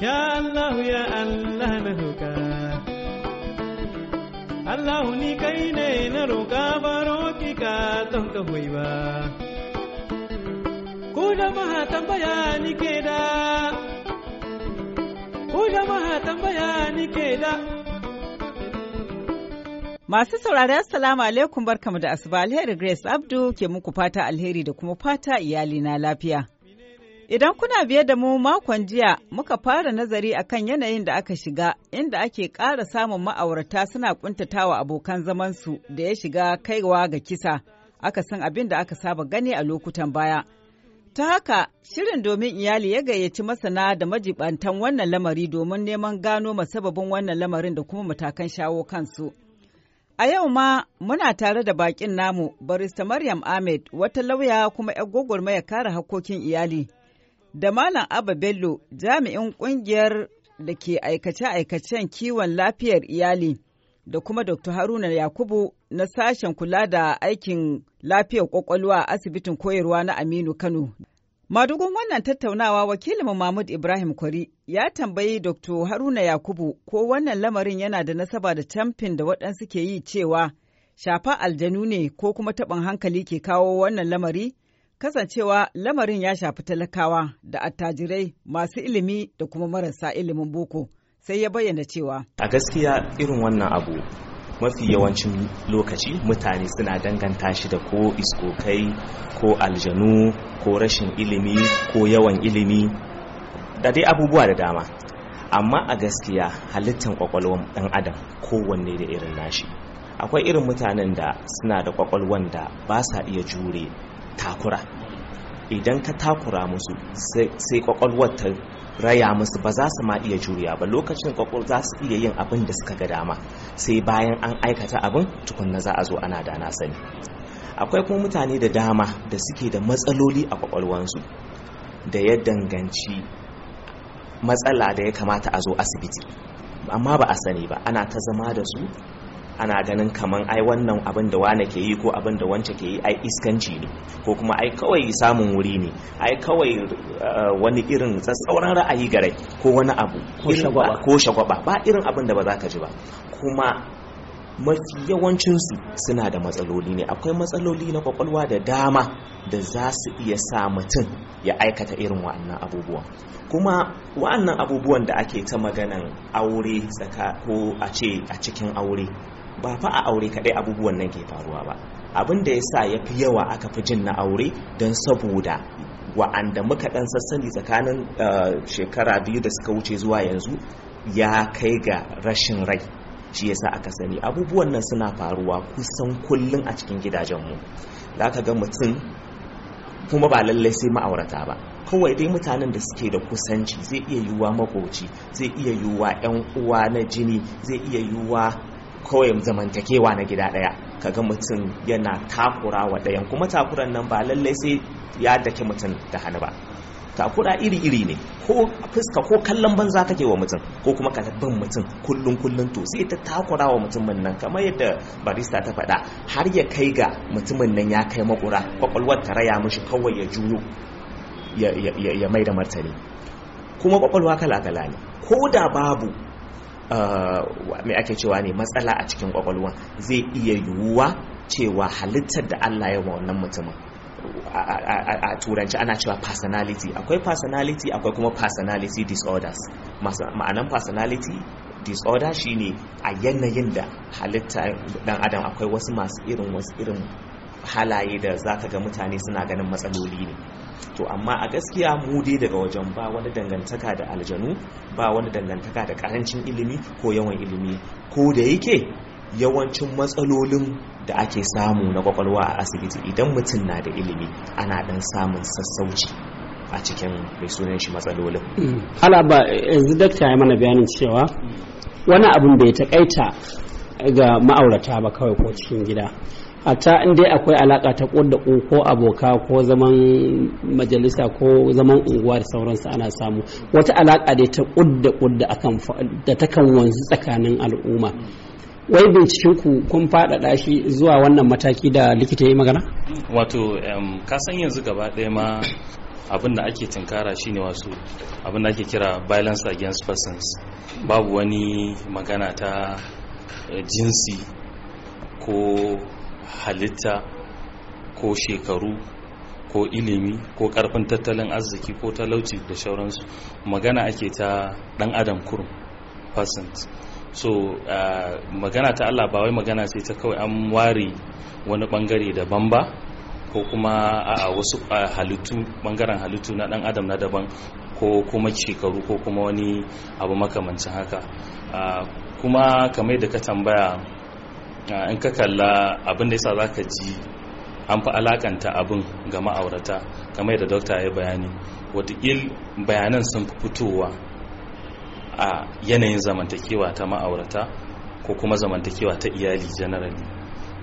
Ya Allah ya Allah na roƙa Allah ni kai ne na roƙa baro ki ka don ka hoyi ba Ku jama'a tambaya ni ke da Ku jama'a tambaya ni ke da Masu saurari Assalamu alaikum barkamu da asuba alheri Grace Abdu ke muku fata alheri da kuma fata iyali na lafiya. Idan kuna biye da mu makon jiya muka fara nazari akan yanayin da aka shiga inda ake ƙara samun ma'aurata suna ƙuntatawa abokan zamansu da ya shiga kaiwa ga kisa aka san abin da aka saba gani a lokutan baya. Ta haka shirin domin iyali ya gayyaci masana da majibantan wannan lamari domin neman gano masababin wannan lamarin da kuma matakan shawo kansu. A yau ma muna tare da bakin namu barista Maryam Ahmed wata lauya kuma 'yar gwagwarmaya kare hakokin iyali. da Malam Abba Bello jami'in kungiyar da ke aikace-aikacen kiwon lafiyar iyali da kuma Dr. Haruna Yakubu na sashen kula da aikin lafiyar kwakwalwa a asibitin koyarwa na Aminu Kano. Madugun wannan tattaunawa wakilin Mahmud Ibrahim Kwari ya tambayi Dr. Haruna Yakubu ko wannan lamarin yana da nasaba da camfin da waɗansu ke yi cewa shafa aljanu ne ko kuma taɓin hankali ke kawo wannan lamari kasancewa lamarin ya shafi talakawa da attajirai masu ilimi da kuma marasa ilimin boko sai ya bayyana cewa a gaskiya irin wannan abu mafi yawancin lokaci mutane suna danganta shi da ko iskokai ko aljanu ko rashin ilimi ko yawan ilimi da dai abubuwa da dama amma a gaskiya halittar kwakwalwar dan adam kowanne da irin nashi akwai irin mutanen da suna da kwakwalwan da ba sa iya jure takura idan ka takura musu sai kwakwalwar ta raya musu ba za su ma iya juriya ba lokacin kwakwal za su iya yin abin da suka ga dama sai bayan an aikata abin tukunna za a zo ana da na sani akwai kuma mutane da dama da suke da matsaloli a kwakwalwansu da ya danganci matsala da ya kamata a zo asibiti amma ba a sani ba ana ta zama da su ana ganin kaman ai wannan abin da wane ke yi ko abin da wance ke yi ai iskanci ne ko kuma ai kawai samun wuri ne ai kawai eh, wani irin tsatsauran ra'ayi gare ko wani abu ko shagwaba ba irin abin da ba za ka ji ba kuma mafi yawancinsu suna da matsaloli ne akwai matsaloli na kwakwalwa da dama da za su iya sa mutum ya aikata irin wa'annan abubuwan kuma wa'annan abubuwan da ake ta maganan aure tsaka ko a ce a cikin aure ba fa a aure kaɗai abubuwan nan ke faruwa ba abin da ya sa ya fi yawa aka fi jin na aure don saboda wa'anda muka ɗan sassani tsakanin eh, shekara biyu da suka wuce zuwa yanzu ya kai ga rashin rai shi yasa aka sani abubuwan nan suna faruwa kusan kullum a cikin gidajenmu za ka ga mutum kuma ba lallai sai ma'aurata ba kawai dai mutanen da suke da kusanci zai iya yiwuwa makoci zai iya yiwuwa 'yan uwa na jini zai iya yiwuwa kawai zamantakewa na gida ɗaya kaga mutum yana takura wa ɗayan kuma takuran nan ba lallai sai ya dake mutum da hannu ba takura iri-iri ne ko fuska ko kallon banza kake wa mutum ko kuma ka bin mutum kullun kullun to sai ta takura wa mutumin nan kamar yadda barista ta faɗa har ya kai ga mutumin nan ya kai makura kwakwalwar ta raya mishi kawai ya juyo ya mai da martani kuma kwakwalwa kala-kala ne ko da babu Eh, mai ake cewa ne matsala a cikin kwakwalwa zai iya yiwuwa cewa halittar da Allah ya wa wannan mutumin a turanci ana cewa personality akwai personality akwai kuma personality disorders ma'anan personality disorder shine a yanayin da halitta dan adam akwai wasu masu irin wasu irin halaye da zaka ga mutane suna ganin matsaloli ne to amma a gaskiya mu dai daga wajen ba wani dangantaka da aljanu ba wani dangantaka da karancin ilimi ko yawan ilimi ko da yake yawancin matsalolin da ake samu na kwakwalwa a asibiti idan mutum na da ilimi ana dan samun sassauci a cikin mai sunan shi matsalolin. Mm. hala ba yanzu dakta ya mana bayanin cewa wani abin bai takaita ga ma'aurata ba kawai ko cikin gida a ta in akwai alaka ta da ko aboka ko zaman majalisa ko zaman unguwa da sauransu ana samu wata alaka dai ta da kudda da ta kan wanzu tsakanin al'umma wai binciken ku kun faɗaɗa shi zuwa wannan mataki da likita ya magana wato ka san yanzu gaba ɗaya ma abin da ake tunkara shine wasu abin da ake kira violence against persons babu wani magana ta jinsi ko halitta ko shekaru ko ilimi ko karfin tattalin arziki ko talauci da shauransu magana ake ta dan adam kurum percent so uh, magana ta allah ba magana sai ta kawai an ware wani bangare daban ba ko kuma a wasu halittu bangaren halittu na dan adam na daban ko kuma shekaru ko kuma wani abu makamancin haka uh, kuma kamar da ka tambaya Ah, in ka kalla abin da yasa zaka ji an fi alakanta abin ga ma'aurata kamar yadda dokta ya bayani watakil bayanan sun fi fitowa a yanayin zamantakewa ta ma'aurata ko kuma zamantakewa ta iyali generally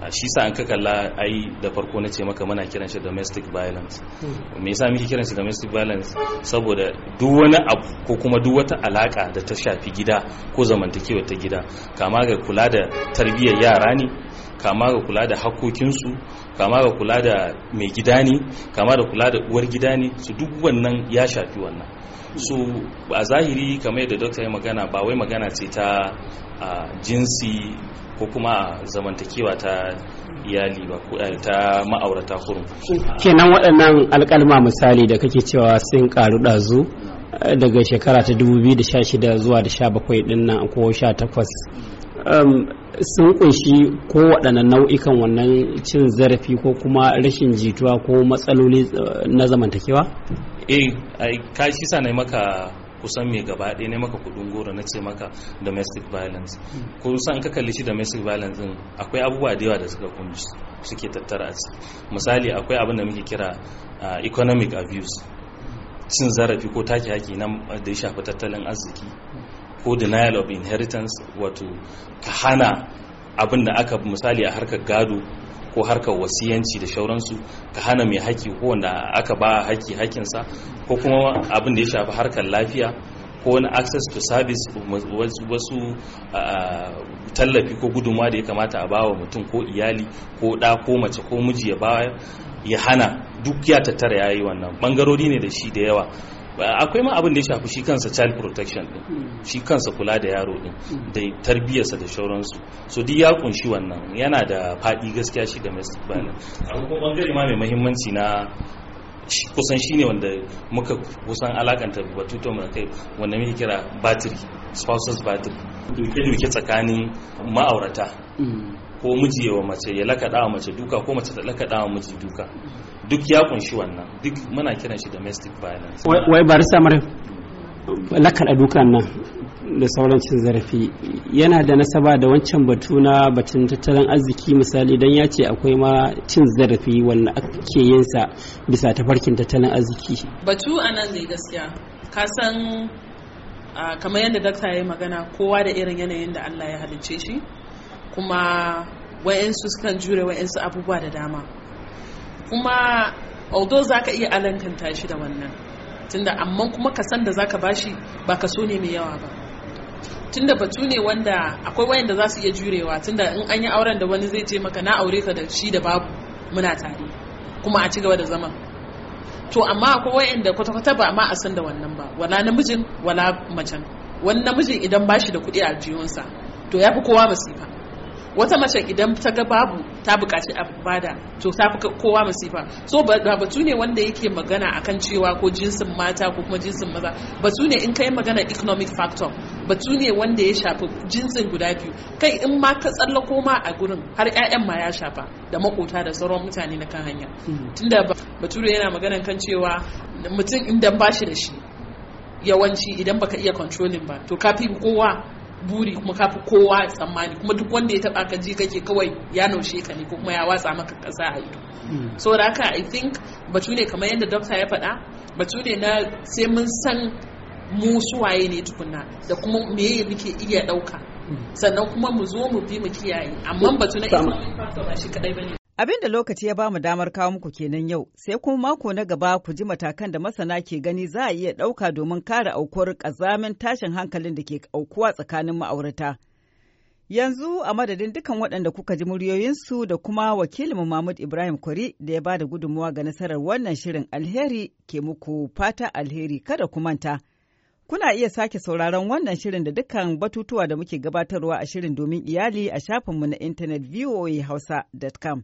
a shi sa an ka kalla ai da farko na ce maka muna kiran shi domestic violence hmm. me yasa muke kiran shi domestic violence saboda duk wani abu ko kuma duk wata alaka da ta shafi gida ko zamantakewa ta gida kama ga kula da tarbiyyar yara ne kama ga kula da hakokinsu kama da kula da mai gida ne kama da kula da uwar gida ne su duk wannan ya shafi wannan su a zahiri kamar yadda dokta ya magana ba wai magana ce ta jinsi ko kuma zamantakewa ta iyali ba ko eh, ta ma'aurata kurum kenan waɗannan alƙalma misali da kake cewa sun ƙaru ɗazu eh, daga shekara ta 2016 zuwa da 17 ɗin nan ko 18 sun kunshi ko waɗannan nau'ikan wannan cin zarafi ko kuma rashin jituwa ko matsaloli eh, na zamantakewa? E, ka shi sa na maka kusan mai gaba ɗaya ne maka kudin goro na ce maka domestic violence hmm. kusan ka kalli shi domestic violence din akwai abubuwa da yawa da suka kunshi suke tattara a ciki misali akwai abin da muke kira ah, economic abuse cin zarafi ko take haƙi da ya shafi tattalin arziki hmm. ko denial of inheritance wato ka hana abin da aka misali a harkar gado ko harkar wasiyanci da shauransu ka hana mai haki ko wanda aka ba haki hakinsa ko kuma abin da ya shafi harkar lafiya ko wani access to service wasu tallafi ko gudunmawa da ya kamata a bawa mutum ko iyali ko ɗa ko mace ko miji ya ba ya hana duk ya tattara ya yi wannan bangarori ne da shi da yawa akwai ma abin da ya shafi shi kansa child protection din shi kansa kula da yaro din da tarbiyarsa da shauransu so duk ya kunshi wannan yana da faɗi gaskiya shi domestic violence akwai bangare ma mai muhimmanci na kusan shine wanda muka kusan alakanta batuto mai kai wanda muke kira battery spouses battery duke-duke tsakanin ma'aurata mm. ko miji mace ya lakaɗa mace duka ko mace ta lakaɗa wa miji duka duk ya kunshi wannan duk muna kiran shi domestic violence wai ba samar lakar dukan nan da sauran cin zarafi yana da nasaba da wancan batu na batun tattalin arziki misali don ya ce akwai ma cin zarafi wanda ake yin sa bisa tafarkin tattalin arziki batu a nan ne gaskiya ka san kamar yadda dakta ya yi magana kowa da irin yanayin da allah ya halicce shi kuma wa'yansu sukan jure wa'yansu abubuwa da dama kuma although za ka iya alankanta shi da wannan tunda amma kuma ka san da za ka bashi ba ka so ne mai yawa ba tunda batu ne wanda akwai da za su iya jurewa tunda in an yi auren da wani zai ce maka na aure ka da shi da babu muna tare kuma a ci gaba da zaman to amma akwai da kwata-kwata ba ma a san da wannan ba wala namijin wala macen wani namijin idan ba shi da kuɗi a aljihunsa to ya fi kowa masifa wata mace idan ta ga babu ta bukaci a bada to ta fi kowa masifa so ba batu ne wanda yake magana a kan cewa ko jinsin mata ko kuma jinsin maza batu ne in kai magana economic factor batu ne wanda ya shafi jinsin guda biyu kai in ma ka tsallako ma a gurin har 'ya'yan ma ya shafa da makota da sauran mutane na kan hanya hmm. tunda ne yana magana kan cewa mutum inda ba shi da shi yawanci idan baka iya controlling ba to ka fi kowa buri kuma kafi kowa tsammani kuma duk wanda ya taba ka ji kake kawai ya naushe ka ne ko kuma ya watsa maka kasa a ido hmm. so da haka i think batu ne kamar yadda dokta ya faɗa batu ne na sai mun san mu suwaye ne tukunna da kuma meye muke iya ɗauka hmm. sannan kuma mu zo mu bi mu kiyaye amma batu na ba shi kadai bane Abin da lokaci ya ba mu damar kawo muku kenan yau, sai kuma mako na gaba ku ji matakan da masana ke gani za a iya ɗauka domin kare aukuwar ƙazamin tashin hankalin da ke aukuwa tsakanin ma'aurata. Yanzu a madadin dukan waɗanda kuka ji muryoyinsu da kuma Wakilin Mahmud Ibrahim Kwari da ya ba da gudunmawa ga nasarar wannan shirin alheri ke muku fata alheri kada ku manta. Kuna iya sake sauraron wannan shirin da dukkan batutuwa da muke gabatarwa a shirin domin iyali a shafinmu na intanet voahausa.com.